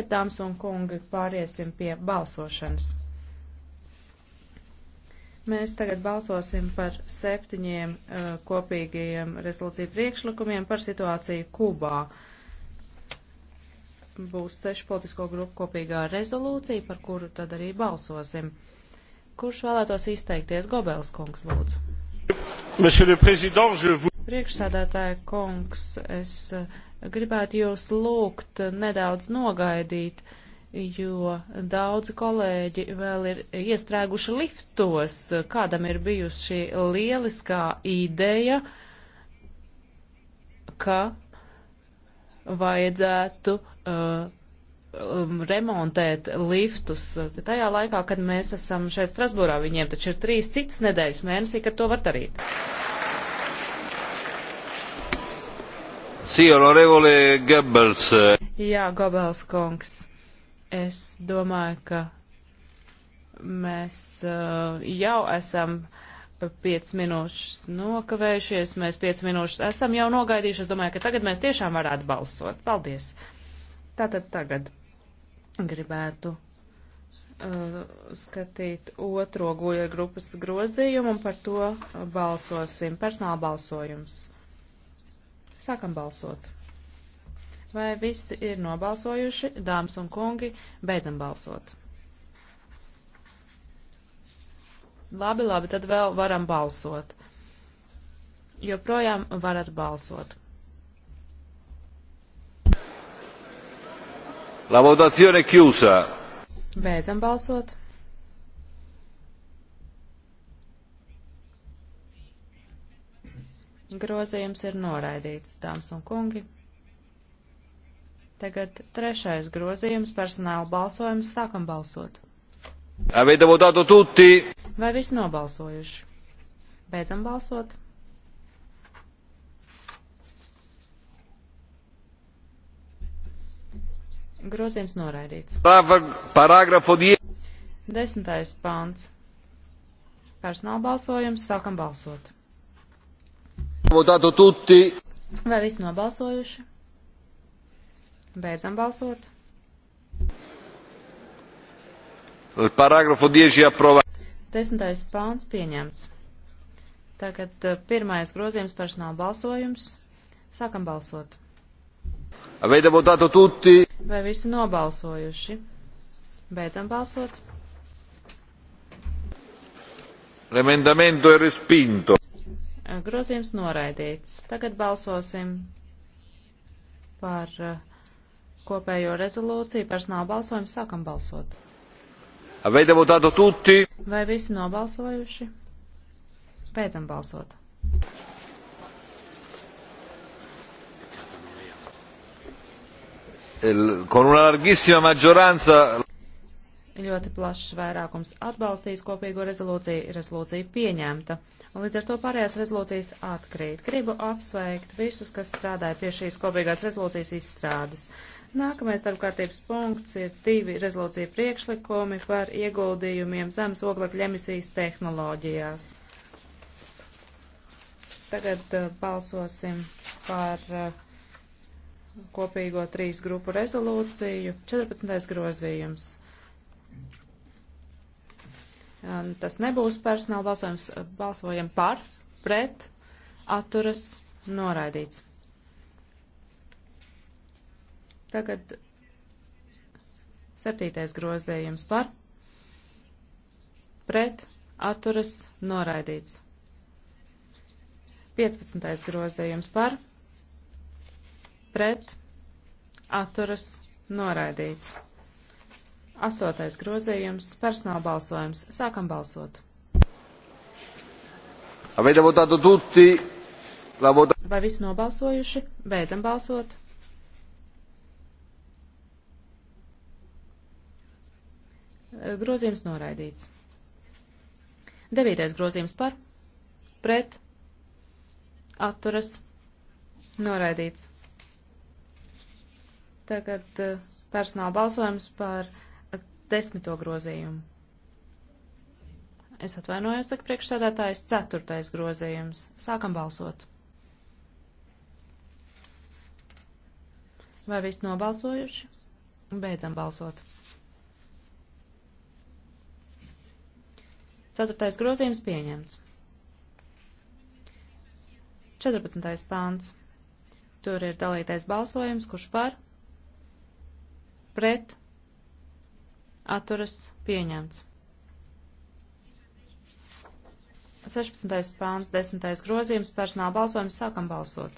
Dāmas un kungi, pāriesim pie balsošanas. Mēs tagad balsosim par septiņiem uh, kopīgajiem rezolūciju priekšlikumiem par situāciju Kubā. Būs sešu politisko grupu kopīgā rezolūcija, par kuru tad arī balsosim. Kurš vēlētos izteikties? Gobels kungs, lūdzu. Priekšsādātāja kungs, es eh, gribētu jūs lūgt nedaudz nogaidīt, jo daudzi kolēģi vēl ir iestrēguši liftos, kādam ir bijusi šī lieliskā ideja, ka vajadzētu uh, remontēt liftus. Tajā laikā, kad mēs esam šeit Strasbūrā, viņiem taču ir trīs citas nedēļas mēnesī, kad to var darīt. Sī, honorevole Goebbels. Jā, Goebbels kungs. Es domāju, ka mēs uh, jau esam 5 minūtes nokavējušies, mēs 5 minūtes esam jau nogaidījuši. Es domāju, ka tagad mēs tiešām varētu balsot. Paldies. Tātad tagad gribētu uh, skatīt otro goja grupas grozījumu un par to balsosim. Personāla balsojums. Sākam balsot. Vai visi ir nobalsojuši, dāmas un kungi, beidzam balsot. Labi, labi, tad vēl varam balsot. Joprojām varat balsot. La votazione chiusa. Beidzam balsot. Grozījums ir noraidīts, dāmas un kungi. Tagad trešais grozījums personāla balsojums. Sākam balsot. Avete votato tutti? Vai visi nobalsojuši? Beidzam balsot. Grozījums noraidīts. Parāgrafu 10. Desmitais pāns. Personāla balsojums. Sākam balsot. Votato tutti. Vai visi nobalsojuši? Beidzam balsot. Parāgrafu 10 aprovā. Desmitais pāns pieņemts. Tagad eh, pirmais grozījums personāla balsojums. Sākam balsot. Avete votato tutti? Vai visi nobalsojuši? Beidzam balsot. L'emendamento è respinto. Grozījums noraidīts. Tagad balsosim par uh, kopējo rezolūciju. Personāla balsojumu sākam balsot. Vai visi nobalsojuši? Beidzam balsot. con una larghissima maggioranza ļoti plašs vairākums atbalstījis kopīgo rezolūciju, rezolūcija pieņemta. Un līdz ar to pārējās rezolūcijas atkrīt. Gribu apsveikt visus, kas strādāja pie šīs kopīgās rezolūcijas izstrādes. Nākamais darbkārtības punkts ir divi rezolūcija priekšlikumi par ieguldījumiem zemes oglekļa emisijas tehnoloģijās. Tagad uh, balsosim par uh, kopīgo trīs grupu rezolūciju. 14. grozījums. Tas nebūs personāla balsojums. Balsojam par, pret, atturas, noraidīts. Tagad septītais grozējums par, pret, atturas, noraidīts. 15. grozējums par, pret, atturas, noraidīts. Astotais grozījums - personāla balsojums. Sākam balsot. Avete votato tutti? La vota... Vai visi nobalsojuši? Beidzam balsot. Grozījums noraidīts. Devītais grozījums par, pret, atturas, noraidīts. Tagad eh, personāla balsojums par desmito grozījumu. Es atvainojos, saka priekšsēdētājs, ceturtais grozījums. Sākam balsot. Vai viss nobalsojuši? Beidzam balsot. Ceturtais grozījums pieņemts. 14. pāns. Tur ir dalītais balsojums, kurš par, pret, atturas pieņemts. 16. pāns, 10. grozījums, personāla balsojums, sākam balsot.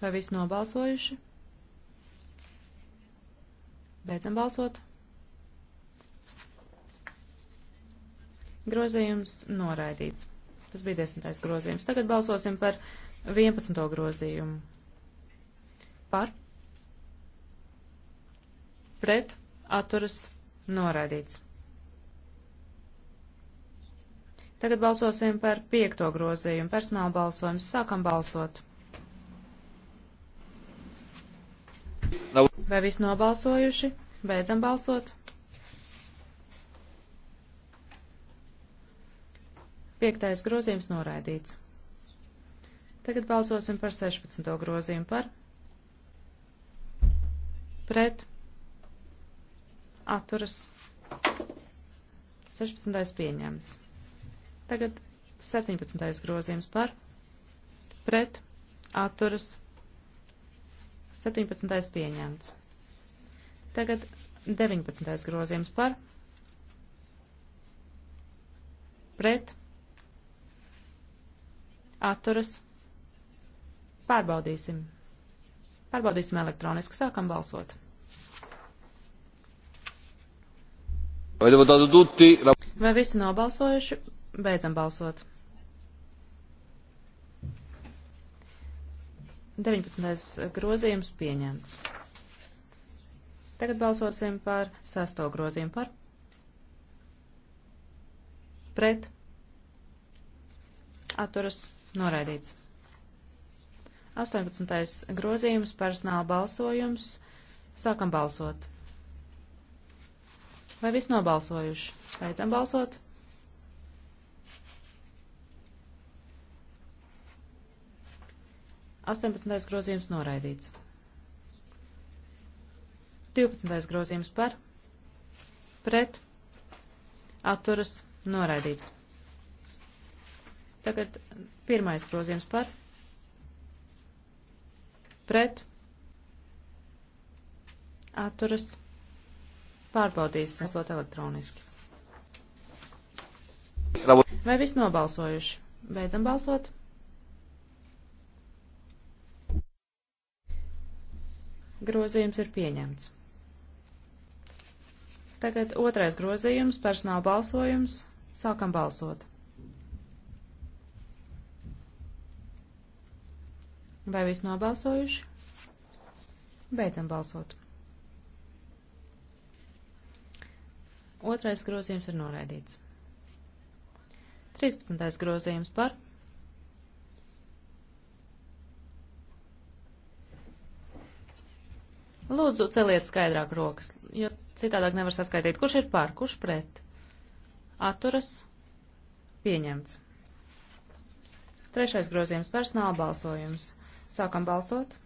Vai visi nobalsojuši? Beidzam balsot. Grozījums noraidīts. Tas bija 10. grozījums. Tagad balsosim par 11. grozījumu. Par? Pret? Atturas? Noraidīts. Tagad balsosim par piekto grozījumu. Personāla balsojums. Sākam balsot. Vai viss nobalsojuši? Beidzam balsot. Piektais grozījums noraidīts. Tagad balsosim par 16. grozījumu par pret atturas 16. pieņemts. Tagad 17. grozījums par pret atturas 17. pieņemts. Tagad 19. grozījums par pret atturas pārbaudīsim. Pārbaudīsim elektroniski, sākam balsot. Vai visi nobalsojuši? Beidzam balsot. 19. grozījums pieņemts. Tagad balsosim par sesto grozījumu par. Pret. Atturas noraidīts. 18. grozījums personāla balsojums. Sākam balsot. Vai viss nobalsojuši? Beidzam balsot. Astoņpadsmitais grozījums noraidīts. Divpadsmitais grozījums par, pret, atturas, noraidīts. Tagad pirmais grozījums par, pret, atturas, noraidīts Pārbaudīsim, balsot elektroniski. Vai viss nobalsojuši? Beidzam balsot. Grozījums ir pieņemts. Tagad otrais grozījums, personāla balsojums. Sākam balsot. Vai viss nobalsojuši? Beidzam balsot. Otrais grozījums ir noraidīts. 13. grozījums par. Lūdzu, celiet skaidrāk rokas, jo citādāk nevar saskaitīt, kurš ir pār, kurš pret. Atturas pieņemts. Trešais grozījums personāla balsojums. Sākam balsot.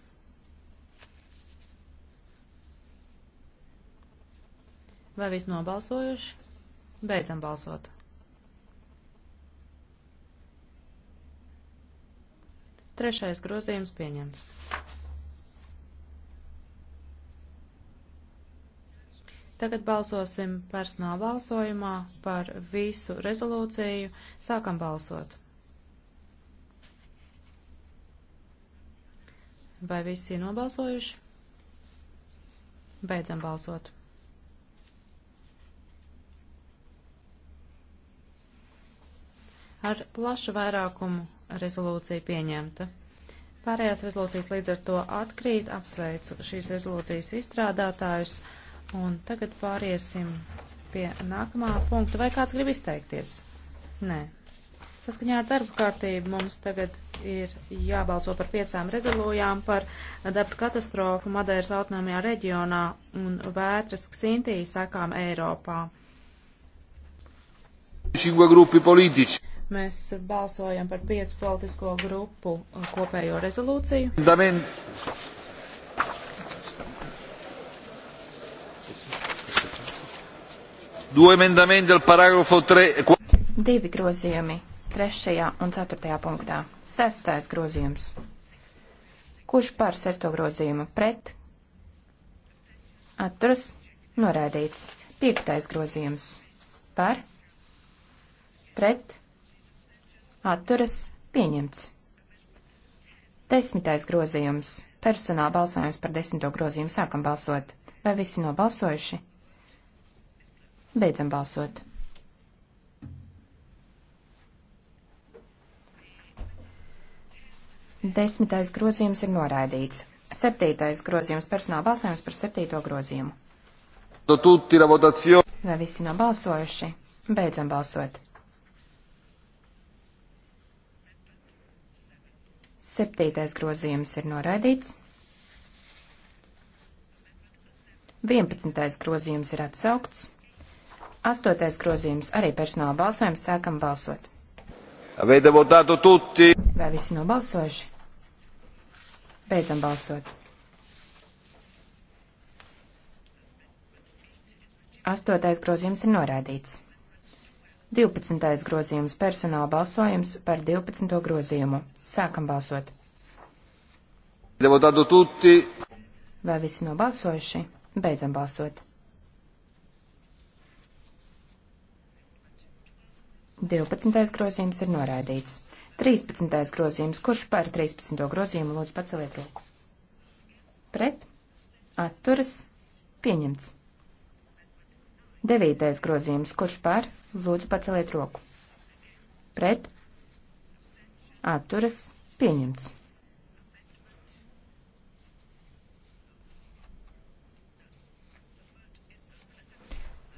Vai viss nobalsojuši? Beidzam balsot. Trešais grozījums pieņemts. Tagad balsosim personāla balsojumā par visu rezolūciju. Sākam balsot. Vai visi ir nobalsojuši? Beidzam balsot. ar plašu vairākumu rezolūcija pieņemta. Pārējās rezolūcijas līdz ar to atkrīt, apsveicu šīs rezolūcijas izstrādātājus, un tagad pāriesim pie nākamā punkta. Vai kāds grib izteikties? Nē. Saskaņā ar darba kārtību mums tagad ir jābalso par piecām rezolūjām par dabas katastrofu Madeiras autonomijā reģionā un vētras Ksintī sakām Eiropā. Cinque gruppi politici mēs balsojam par piecu politisko grupu kopējo rezolūciju. Damin. Divi grozījumi - trešajā un ceturtajā punktā. Sestais grozījums. Kurš par sesto grozījumu pret? Atturas norādīts. Piektais grozījums par pret atturas pieņemts. Desmitais grozījums. Personāla balsojums par desmito grozījumu sākam balsot. Vai visi nobalsojuši? Beidzam balsot. Desmitais grozījums ir noraidīts. Septītais grozījums personāla balsojums par septīto grozījumu. Vai visi nobalsojuši? Beidzam balsot. Septītais grozījums ir noraidīts. Vienpadsmitais grozījums ir atsaukts. Astotais grozījums arī personāla balsojums sākam balsot. Vai visi nobalsojuši? Beidzam balsot. Astotais grozījums ir norādīts. 12. grozījums personāla balsojums par 12. grozījumu. Sākam balsot. Deputātu tutti. Vai visi nobalsojuši? Beidzam balsot. 12. grozījums ir noraidīts. 13. grozījums. Kurš par 13. grozījumu lūdzu paceliet roku? Pret. Atturas. Pieņemts. 9. grozījums. Kurš par? Lūdzu, paceliet roku. Pret. Atturas. Pieņemts.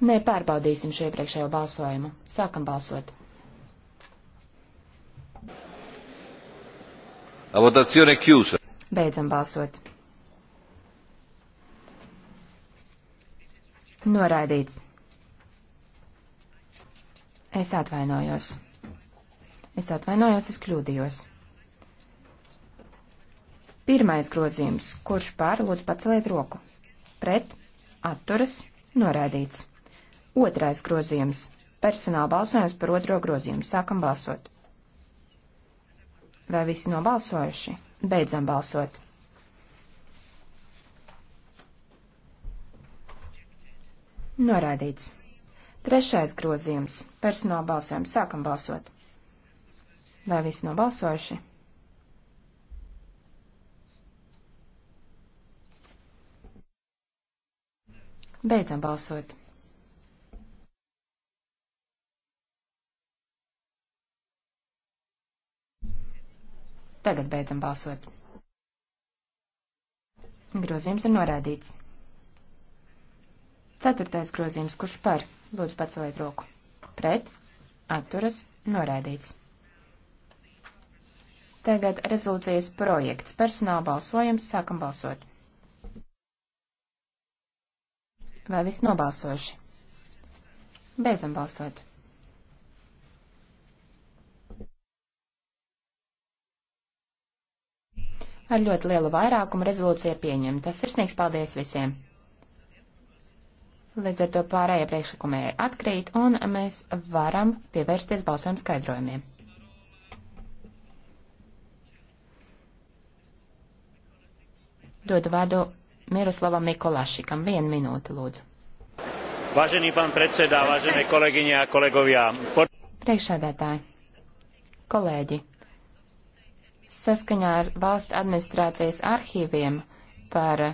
Nē, pārbaudīsim šo iepriekšējo balsojumu. Sākam balsot. La votazione è chiusa. Beidzam balsot. Noraidīts. Es atvainojos. Es atvainojos, es kļūdījos. Pirmais grozījums, kurš pār lūdzu paceliet roku. Pret, atturas, noraidīts. Otrais grozījums. Personāla balsojums par otro grozījumu. Sākam balsot. Vai visi nobalsojuši? Beidzam balsot. Noraidīts. Trešais grozījums. Personāla balsojums. Sākam balsot. Vai visi nobalsojuši? Beidzam balsot. Tagad beidzam balsot. Grozījums ir norādīts. Ceturtais grozījums, kurš par? Lūdzu, paceliet roku. Pret. Atturas. Noraidīts. Tagad rezolūcijas projekts. Personāla balsojums. Sākam balsot. Vai viss nobalsojuši? Beidzam balsot. Ar ļoti lielu vairākumu rezolūcija pieņemta. Sirsnīgs paldies visiem! Līdz ar to pārējie priekšlikumē atkrīt, un mēs varam pievērsties balsojuma skaidrojumiem. Dodu vārdu Miroslavam Mikolašikam. Vienu minūti, lūdzu. Vážený pán predsedā, vážené kolegyne a kolegovia. Por... Priekšsēdētāji, kolēģi, saskaņā ar valsts administrācijas arhīviem par